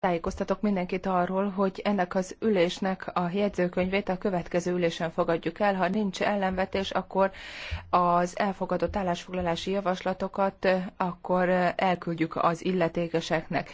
Tájékoztatok mindenkit arról, hogy ennek az ülésnek a jegyzőkönyvét a következő ülésen fogadjuk el. Ha nincs ellenvetés, akkor az elfogadott állásfoglalási javaslatokat eh, akkor eh, elküldjük az illetékeseknek.